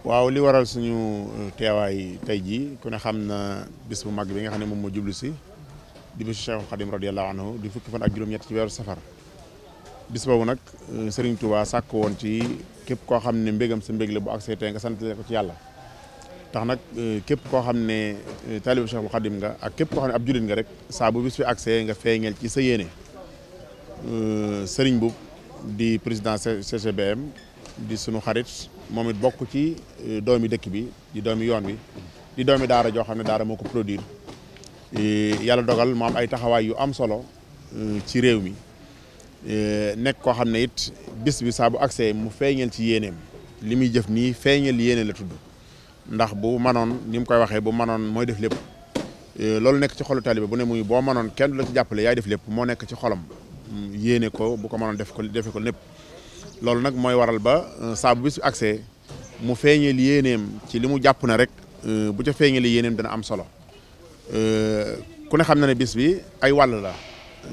waaw li waral suñu euh, teewaay tey jii ku ne xam na bis bu mag bi nga xam ne moom moo jublu si di monsieur Cheikh Khadim radiyallahu anhu di fukki fan ak juróom-ñett ci weeru safar bis boobu nag euh, sëriñ Touba sàkk woon ci képp koo xam ne mbégam sa mbég la bu agsee tey nga sant ko ci yàlla tax nag euh, képp koo xam ne taalibu Cheikh Khadim nga ak képp koo xam ne ab jullit nga rek saa bu bis fi agsee nga feeñeel ci sa yéene Serigne boobu di président CCBM di sunu xarit moom it bokk ci euh, doomi dëkk bi di doomi yoon bi di doomi daara joo xam ne daara moo ko produire yàlla dogal mu am ay taxawaay yu am solo euh, ci réew mi nekk koo xam ne it bis bi saa bu accès mu feeñal ci yéeneem li muy jëf nii feeñal yéene la tudd ndax bu manoon ni mu koy waxee bu manoon mooy def lépp loolu nekk ci xolu taalibe bu ne muy boo manoon kenn du la ci jàppale yaay def lépp moo nekk ci xolam yéene ko bu ko mënoon def ko defe ko lépp loolu nag mooy waral ba euh, saa bu bis bi accès mu feeñeel yéeneem ci li mu jàpp na rek euh, bu ca feeñeel yéeneem dana am solo euh, ku ne xam na ne bis bi ay wàll la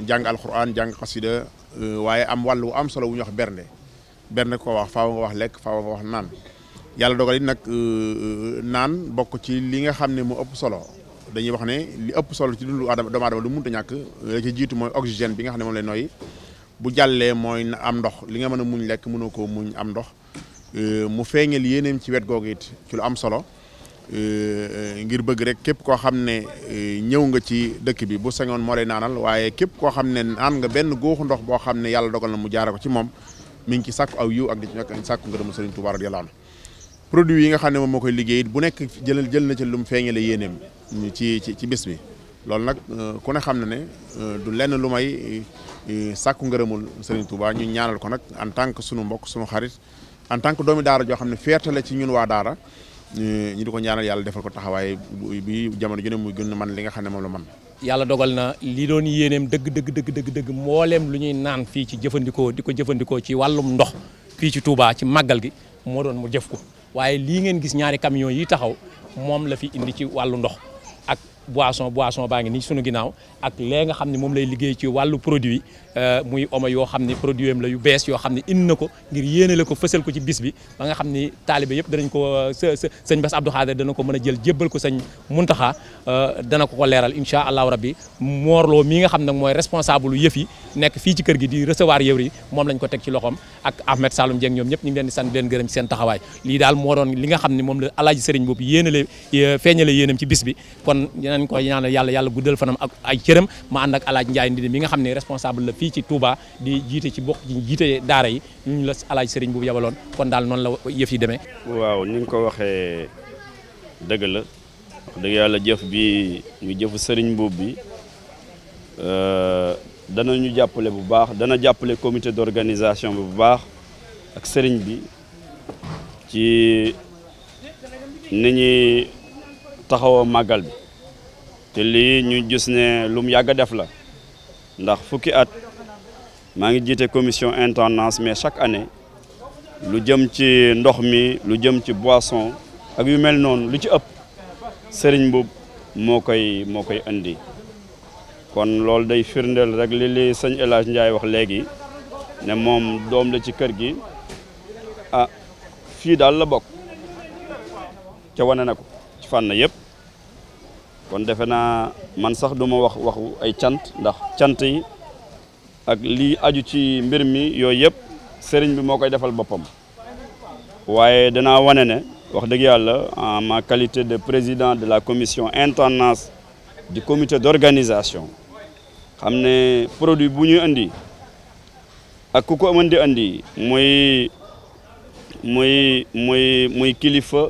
jàng alquran jàng xasida waaye am wàll wu am solo wu ñuy wax bernde bernde ko wax faaw nga wax lekk faaw nga wax naan yàlla dogal it nag naan bokk ci li nga xam ne mu ëpp solo dañuy wax ne li ëpp solo ci dundu aadama doomu aadama lu mënta ñàkk la ci jiitu mooy oxygène bi nga xam ne moom lay nooyi bu jàllee mooy na am ndox li nga mën a muñ lekk mënoo koo muñ am ndox euh, mu feeñal yeneen ci wet googu it ci lu am solo euh, euh, ngir bëgg rek képp koo xam ne ñëw nga ci dëkk bi bu sañoon moo lay naanal waaye képp koo xam ne naan nga benn góoxu ndox boo xam ne yàlla dogal na mu jaare ko ci moom mi ngi ci sàkku aw yiw ak di ci nekk sàkku ngërëmu Sëriñ Tuubaa radiyallaahu anhu produit yi nga xam ne moom moo koy liggéey bu nekk jël jël na ci lu mu feeñale yéeneem ci ci ci bis bi loolu nag euh, ku ne xam ne ne euh, du lenn lu may euh, sàkku ngërëmul Serigne Touba ñu ñaanal ko nag en tant que sunu mbokk sunu xarit en tant que doomi daara joo xam ne fierté la ci ñun waa daara ñu di ko ñaanal yàlla defal ko taxawaay bi jamono ju ne muy gën man li nga xam ne moom la man yàlla dogal na li doon yéeneem dëgg dëgg dëgg dëgg dëgg mbooleem lu ñuy naan fii ci jëfandikoo di ko jëfandikoo ci wàllum ndox fii ci Touba ci màggal gi moo doon mu jëf ko waaye lii ngeen gis ñaari camion yi taxaw moom la fi indi ci wàllu ndox boisson boisson baa ngi nii sunu ginnaaw ak lee nga xam ne moom lay liggéey ci wàllu produit euh, muy omo yoo xam ne produit am la yu bees yoo xam ne indi na ko ngir yéene la ko fësal ko ci bis bi ba nga xam ni taalibe yëpp danañ ko euh, sëñ Bass Abdou Khader dana ko mën a jël jébbal ko sañ sëñ Muntaxa euh, dana ko ko leeral incha allahu rabbi moorloo mii nga xam nag mooy responsable lu yi nekk fii ci kër gi di recevoir yëw yi moom lañ ko teg ci loxoom ak Ahmed Saloum Dieng ñoom ñëpp ñu leen di sant di leen seen taxawaay lii daal moo doon li nga xam ne moom la alaaji sëriñ boobu yéenale feeñale yéenam ci bis bi nañ ko ñaanal yàlla yàlla guddal fanam ak ay cëram ma ànd ak alaaj Ndiaye Ndindi mi nga xam ne responsable la fii ci Touba di jiite ci bokk ci jiite daara yi ñu la alaaj sëriñ bu yabaloon kon daal noonu la yëf yi demee waaw ni nga ko waxee dëgg la dëgg yàlla jëf bi ñu jëf sëriñ buub bi euh, ñu jàppale bu baax dana jàppale comité d'organisation bi bu baax ak sëriñ bi ci ni ñuy taxawoo màggal bi te lii ñu gis ne lu mu yàgg def la ndax fukki at maa ngi jiite commission intendance mais chaque année lu jëm ci ndox mi lu jëm ci boisson ak yu mel noonu lu ci ëpp sëriñ boobu moo koy moo koy indi kon loolu day firndeel rek li li sëñ El Hadj wax léegi ne moom doom la ci kër gi ah fii daal la bokk ca wane na ko ci fànn yëpp kon defe naa man sax du ma wax waxu ay cant ndax cant yi ak lii aju ci mbir mi yooyu yëpp sëriñ bi moo koy defal boppam waaye danaa wane ne wax dëgg yàlla en ma qualité de président de la commission intendance du comité d'organisation xam ne produit bu ñuy andi ak ku ko mën di indi muy muy muy muy kilifa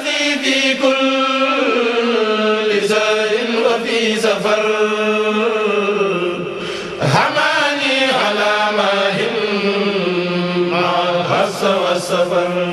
في كل زار وفي سفر هماني على ماهن مع الحس والسفر